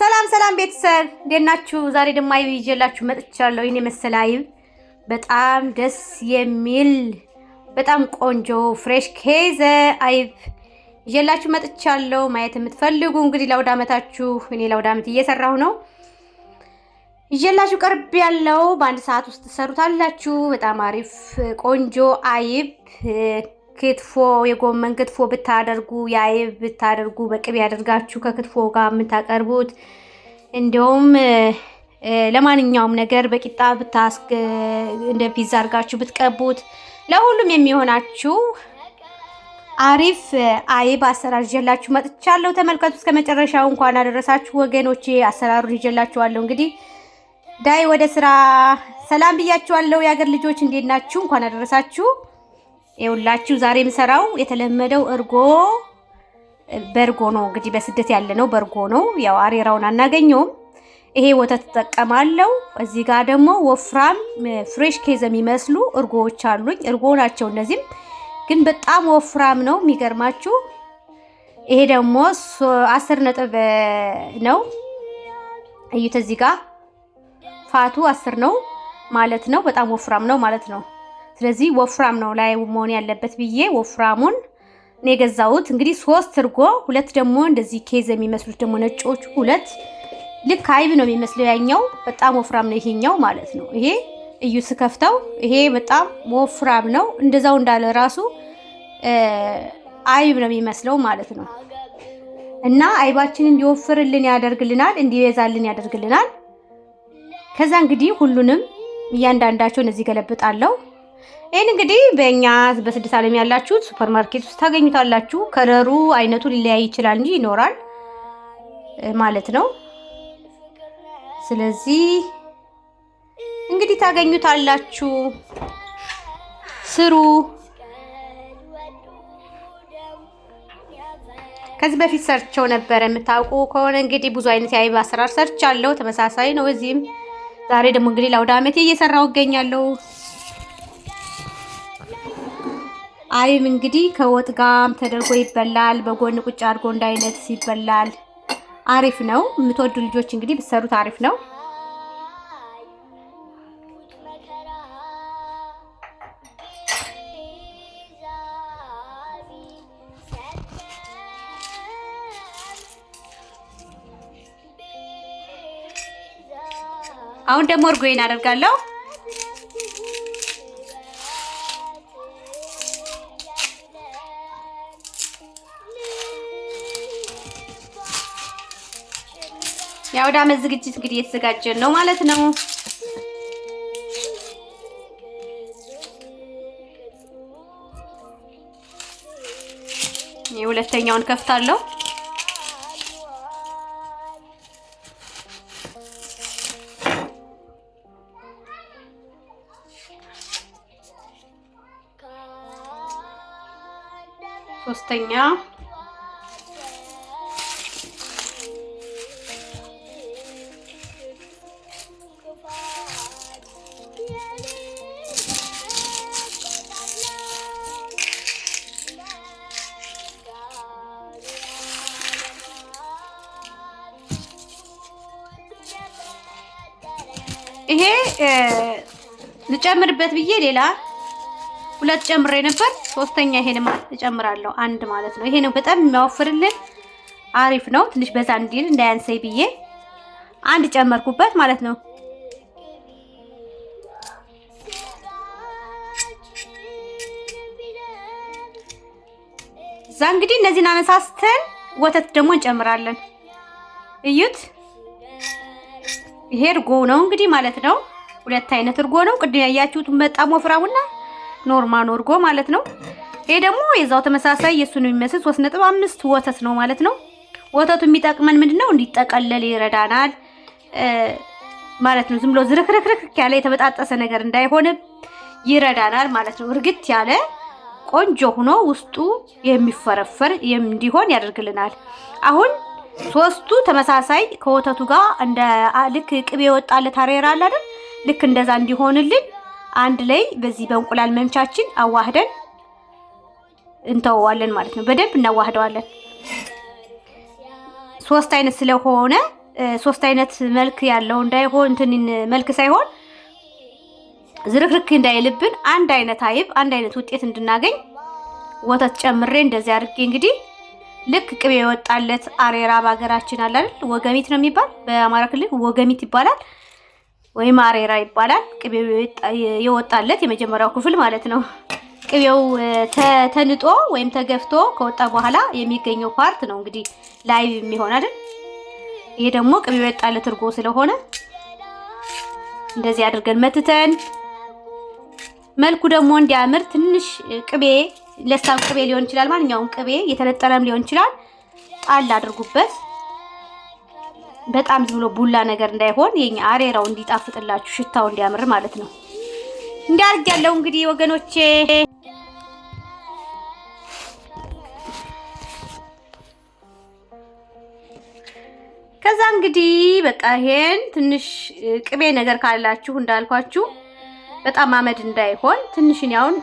ሰላም ሰላም ቤተሰብ እንዴት ናችሁ? ዛሬ ደግሞ አይብ ይዤላችሁ መጥቻለሁ። ይሄን የመሰለ አይብ በጣም ደስ የሚል በጣም ቆንጆ ፍሬሽ ኬዘ አይብ ይዤላችሁ መጥቻለሁ። ማየት የምትፈልጉ እንግዲህ ለአውደ ዓመታችሁ እኔ ለአውደ ዓመት እየሰራሁ ነው ይዤላችሁ ቀርብ ያለው በአንድ ሰዓት ውስጥ ትሰሩታላችሁ። በጣም አሪፍ ቆንጆ አይብ ክትፎ የጎመን ክትፎ ብታደርጉ የአይብ ብታደርጉ በቅቤ ያደርጋችሁ ከክትፎ ጋር የምታቀርቡት እንዲሁም ለማንኛውም ነገር በቂጣ ብታስገ እንደ ፒዛ አድርጋችሁ ብትቀቡት ለሁሉም የሚሆናችሁ አሪፍ አይብ አሰራር ይዤላችሁ መጥቻለሁ። ተመልከቱ እስከ መጨረሻው። እንኳን አደረሳችሁ ወገኖቼ። አሰራሩን ይዤላችኋለሁ። እንግዲህ ዳይ ወደ ስራ። ሰላም ብያችኋለሁ የሀገር ልጆች፣ እንዴት ናችሁ? እንኳን አደረሳችሁ። ይኸውላችሁ ዛሬ የምሰራው የተለመደው እርጎ በእርጎ ነው። እንግዲህ በስደት ያለ ነው፣ በእርጎ ነው። ያው አሬራውን አናገኘውም። ይሄ ወተት ተጠቀማለሁ። እዚህ ጋር ደግሞ ወፍራም ፍሬሽ ኬዝ የሚመስሉ እርጎዎች አሉኝ። እርጎ ናቸው እነዚህም፣ ግን በጣም ወፍራም ነው የሚገርማችሁ። ይሄ ደግሞ አስር ነጥብ ነው። እዩት እዚህ ጋር ፋቱ አስር ነው ማለት ነው። በጣም ወፍራም ነው ማለት ነው። ስለዚህ ወፍራም ነው ላይ መሆን ያለበት ብዬ ወፍራሙን ነው የገዛሁት። እንግዲህ ሶስት እርጎ፣ ሁለት ደግሞ እንደዚህ ኬዝ የሚመስሉት ደግሞ ነጮቹ ሁለት ልክ አይብ ነው የሚመስለው። ያኛው በጣም ወፍራም ነው ይሄኛው ማለት ነው። ይሄ እዩ ስከፍተው ይሄ በጣም ወፍራም ነው። እንደዛው እንዳለ ራሱ አይብ ነው የሚመስለው ማለት ነው። እና አይባችን እንዲወፍርልን ያደርግልናል፣ እንዲበዛልን ያደርግልናል። ከዛ እንግዲህ ሁሉንም እያንዳንዳቸውን እዚህ ገለብጣለሁ። ይህን እንግዲህ በእኛ በስድስት ዓለም ያላችሁት ሱፐር ማርኬት ውስጥ ታገኙታላችሁ። ከለሩ አይነቱ ሊለያይ ይችላል እንጂ ይኖራል ማለት ነው። ስለዚህ እንግዲህ ታገኙታላችሁ፣ ስሩ። ከዚህ በፊት ሰርቸው ነበረ። የምታውቁ ከሆነ እንግዲህ ብዙ አይነት የአይብ አሰራር ሰርቻለሁ። ተመሳሳይ ነው። እዚህም ዛሬ ደግሞ እንግዲህ ለአውደ ዓመቴ እየሰራው እገኛለሁ። አይብ እንግዲህ ከወጥ ጋር ተደርጎ ይበላል። በጎን ቁጭ አድርጎ እንደ አይነት ይበላል። አሪፍ ነው። የምትወዱ ልጆች እንግዲህ ብትሰሩት አሪፍ ነው። አሁን ደግሞ እርጎዬን አደርጋለሁ። የአውደ ዓመት ዝግጅት እንግዲህ የተዘጋጀን ነው ማለት ነው። የሁለተኛውን ከፍታለሁ። ሶስተኛ ይሄ ልጨምርበት ብዬ ሌላ ሁለት ጨምሬ ነበር። ሶስተኛ ይሄን እጨምራለሁ አንድ ማለት ነው። ይሄ ነው በጣም የሚያወፍርልን አሪፍ ነው። ትንሽ በዛ እንዲል እንዳያንሰይ ብዬ አንድ ጨመርኩበት ማለት ነው። እዛ እንግዲህ እነዚህን አነሳስተን ወተት ደግሞ እንጨምራለን። እዩት። ይሄ እርጎ ነው እንግዲህ ማለት ነው። ሁለት አይነት እርጎ ነው። ቅድም ያያችሁት በጣም ወፍራሙና ኖርማል እርጎ ማለት ነው። ይሄ ደግሞ የዛው ተመሳሳይ የሱን የሚመስል 3.5 ወተት ነው ማለት ነው። ወተቱ የሚጠቅመን ምንድነው? እንዲጠቀለል ይረዳናል ማለት ነው። ዝም ብሎ ዝርክርክርክ ያለ የተበጣጠሰ ነገር እንዳይሆን ይረዳናል ማለት ነው። እርግት ያለ ቆንጆ ሆኖ ውስጡ የሚፈረፈር እንዲሆን ያደርግልናል። አሁን ሶስቱ ተመሳሳይ ከወተቱ ጋር እንደ ልክ ቅቤ የወጣለት አሬራ አለ አይደል? ልክ እንደዛ እንዲሆንልን አንድ ላይ በዚህ በእንቁላል መምቻችን አዋህደን እንተወዋለን ማለት ነው። በደንብ እናዋህደዋለን። ሶስት አይነት ስለሆነ ሶስት አይነት መልክ ያለው እንዳይሆን እንትን መልክ ሳይሆን ዝርክርክ እንዳይልብን አንድ አይነት አይብ አንድ አይነት ውጤት እንድናገኝ ወተት ጨምሬ እንደዚህ አድርጌ እንግዲህ ልክ ቅቤ የወጣለት አሬራ በሀገራችን አለ አይደል? ወገሚት ነው የሚባል በአማራ ክልል ወገሚት ይባላል ወይም አሬራ ይባላል። ቅቤው የወጣለት የመጀመሪያው ክፍል ማለት ነው። ቅቤው ተንጦ ወይም ተገፍቶ ከወጣ በኋላ የሚገኘው ፓርት ነው እንግዲህ ላይቭ የሚሆን አይደል? ይሄ ደግሞ ቅቤ የወጣለት እርጎ ስለሆነ እንደዚህ አድርገን መትተን መልኩ ደግሞ እንዲያምር ትንሽ ቅቤ ለሳም ቅቤ ሊሆን ይችላል፣ ማንኛውም ቅቤ የተነጠረም ሊሆን ይችላል። ጣል አድርጉበት። በጣም ዝም ብሎ ቡላ ነገር እንዳይሆን የኛ አሬራው እንዲጣፍጥላችሁ ሽታው እንዲያምር ማለት ነው። እንዳርግ ያለው እንግዲህ ወገኖቼ ከዛ እንግዲህ በቃ ይሄን ትንሽ ቅቤ ነገር ካላችሁ እንዳልኳችሁ በጣም አመድ እንዳይሆን ትንሽን ያውን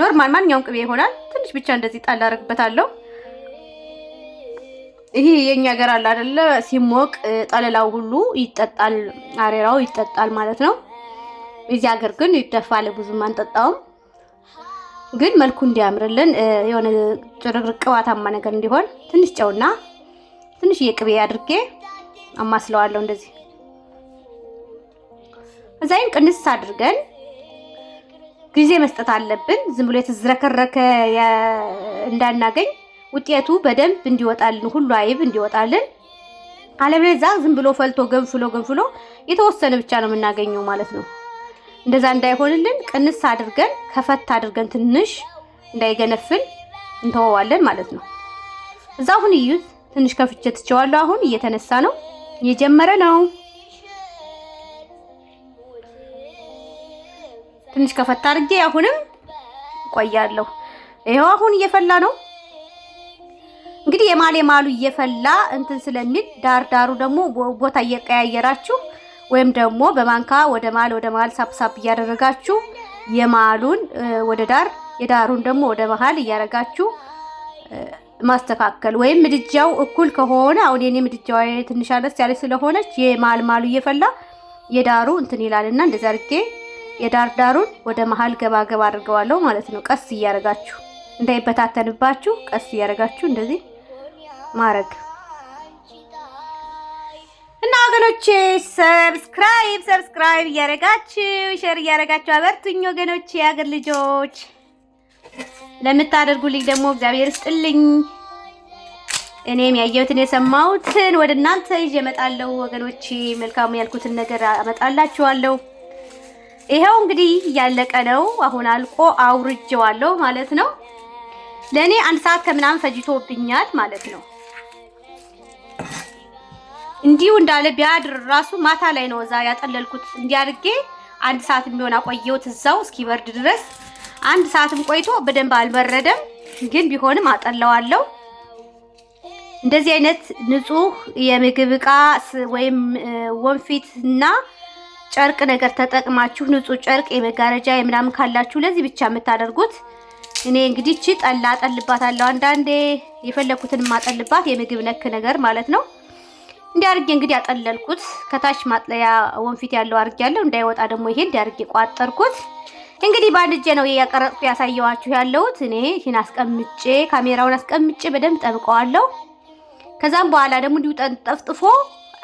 ኖርማል ማንኛውም ቅቤ ይሆናል። ትንሽ ብቻ እንደዚህ ጣል አደርግበታለሁ። ይሄ የኛ ሀገር አለ አይደለ? ሲሞቅ ጠለላው ሁሉ ይጠጣል፣ አሬራው ይጠጣል ማለት ነው። እዚህ ሀገር ግን ይደፋል፣ ብዙም አንጠጣውም። ግን መልኩ እንዲያምርልን የሆነ ጭርቅርቅ ቅባታማ ነገር እንዲሆን ትንሽ ጨውና ትንሽ የቅቤ አድርጌ አማስለዋለሁ እንደዚህ እዛይን ቅንስ አድርገን ጊዜ መስጠት አለብን። ዝም ብሎ የተዝረከረከ እንዳናገኝ ውጤቱ በደንብ እንዲወጣልን ሁሉ አይብ እንዲወጣልን አለበለዛ ዝም ብሎ ፈልቶ ገንፍሎ ገንፍሎ የተወሰነ ብቻ ነው የምናገኘው ማለት ነው። እንደዛ እንዳይሆንልን ቅንስ አድርገን ከፈት አድርገን ትንሽ እንዳይገነፍል እንተወዋለን ማለት ነው። እዛ አሁን እዩት፣ ትንሽ ከፍቼ ትቸዋለሁ። አሁን እየተነሳ ነው፣ እየጀመረ ነው። ትንሽ ከፈታ አድርጌ አሁንም ቆያለሁ። ይኸው አሁን እየፈላ ነው እንግዲህ የማሌ ማሉ እየፈላ እንትን ስለሚል ዳር ዳሩ ደግሞ ቦታ እየቀያየራችሁ ወይም ደግሞ በማንካ ወደ ማል ወደ መሀል ሳብሳብ እያደረጋችሁ የማሉን ወደ ዳር የዳሩን ደግሞ ወደ መሀል እያደረጋችሁ ማስተካከል ወይም ምድጃው እኩል ከሆነ አሁን የኔ ምድጃው ትንሽ አነስ ያለች ስለሆነች የማል ማሉ እየፈላ የዳሩ እንትን ይላልና እንደዛ አድርጌ የዳርዳሩን ወደ መሀል ገባገባ አድርገዋለሁ ማለት ነው። ቀስ እያደረጋችሁ እንዳይበታተንባችሁ ቀስ እያደረጋችሁ እንደዚህ ማድረግ እና ወገኖቼ ሰብስክራይብ ሰብስክራይብ እያደረጋችሁ ሼር እያደረጋችሁ አበርቱኝ ወገኖቼ፣ የሀገር ልጆች ለምታደርጉልኝ ደግሞ እግዚአብሔር ስጥልኝ እኔም ያየሁትን የሰማሁትን ወደ እናንተ ይዤ እመጣለሁ ወገኖቼ። መልካም ያልኩትን ነገር አመጣላችኋለሁ። ይኸው እንግዲህ እያለቀ ነው። አሁን አልቆ አውርጄዋለሁ ማለት ነው። ለእኔ አንድ ሰዓት ከምናምን ፈጅቶብኛል ማለት ነው። እንዲሁ እንዳለ ቢያድር ራሱ ማታ ላይ ነው እዛ ያጠለልኩት እንዲያድርጌ አንድ ሰዓት የሚሆን አቆየሁት እዛው እስኪበርድ ድረስ። አንድ ሰዓትም ቆይቶ በደንብ አልበረደም፣ ግን ቢሆንም አጠለዋለሁ። እንደዚህ አይነት ንጹህ የምግብ እቃ ወይም ወንፊት እና ጨርቅ ነገር ተጠቅማችሁ ንጹህ ጨርቅ የመጋረጃ የምናምን ካላችሁ ለዚህ ብቻ የምታደርጉት። እኔ እንግዲህ እቺ ጠላ አጠልባታለሁ። አንዳንዴ የፈለኩትን ማጠልባት የምግብ ነክ ነገር ማለት ነው። እንዲህ አድርጌ እንግዲህ ያጠለልኩት ከታች ማጥለያ ወንፊት ያለው አድርጌያለሁ። እንዳይወጣ ደግሞ ይሄ እንዲህ አድርጌ ቋጠርኩት። እንግዲህ በአንድ እጄ ነው ያቀረጽኩ ያሳየዋችሁ ያለሁት። እኔ ይህን አስቀምጬ ካሜራውን አስቀምጬ በደንብ ጠብቀዋለሁ። ከዛም በኋላ ደግሞ እንዲሁ ጠፍጥፎ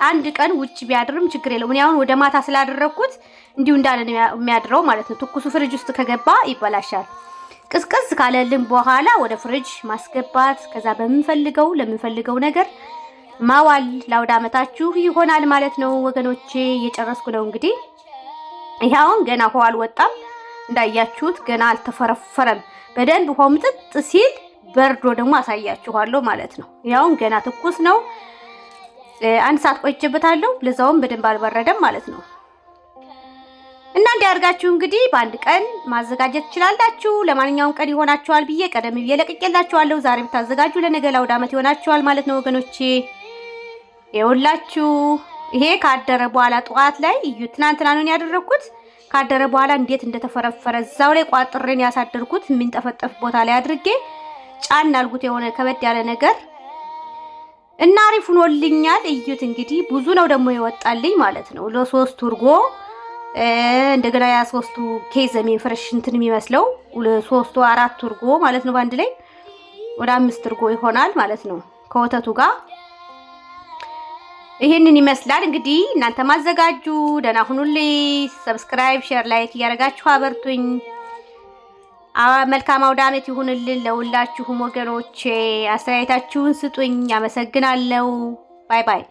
አንድ ቀን ውጭ ቢያድርም ችግር የለውም። እኔ አሁን ወደ ማታ ስላደረግኩት እንዲሁ እንዳለ የሚያድረው ማለት ነው። ትኩሱ ፍሪጅ ውስጥ ከገባ ይበላሻል። ቅዝቅዝ ካለልን በኋላ ወደ ፍሪጅ ማስገባት፣ ከዛ በምንፈልገው ለምንፈልገው ነገር ማዋል ላውዳ አመታችሁ ይሆናል ማለት ነው ወገኖቼ። እየጨረስኩ ነው እንግዲህ። ይሄ ገና ውሃው አልወጣም እንዳያችሁት፣ ገና አልተፈረፈረም። በደንብ ውሃው ምጥጥ ሲል በርዶ ደግሞ አሳያችኋለሁ ማለት ነው። ይሄ ገና ትኩስ ነው። አንድ ሰዓት ቆይቼበታለሁ። ለዛውም በደንብ አልበረደም ማለት ነው። እና እንዲያርጋችሁ እንግዲህ በአንድ ቀን ማዘጋጀት ትችላላችሁ። ለማንኛውም ቀን ይሆናችኋል ብዬ ቀደም ብዬ ለቅቄላችኋለሁ። ዛሬ ብታዘጋጁ ለነገ ለአውደ ዓመት ይሆናችኋል ማለት ነው ወገኖቼ። ይኸውላችሁ ይሄ ካደረ በኋላ ጠዋት ላይ እዩ። ትናንትና ነው ያደረኩት። ካደረ በኋላ እንዴት እንደተፈረፈረ እዛው ላይ ቋጥሬን ያሳደርኩት የሚንጠፈጠፍ ቦታ ላይ አድርጌ ጫን አልጉት የሆነ ከበድ ያለ ነገር እና አሪፍ ሆኖልኛል። እዩት እንግዲህ ብዙ ነው ደግሞ ይወጣልኝ ማለት ነው። ለሶስት እርጎ እንደገና ያ ሶስቱ ኬዝ ሜን የሚንፍረሽ እንትን የሚመስለው ለሶስቱ አራት እርጎ ማለት ነው። በአንድ ላይ ወደ አምስት እርጎ ይሆናል ማለት ነው ከወተቱ ጋር ይሄንን ይመስላል እንግዲህ። እናንተ ማዘጋጁ። ደህና ሁኑልኝ። ሰብስክራይብ፣ ሼር፣ ላይክ እያደረጋችሁ አበርቱኝ። መልካም አውደ ዓመት ይሁንልን። ለሁላችሁም ወገኖቼ አስተያየታችሁን ስጡኝ። አመሰግናለሁ። ባይ ባይ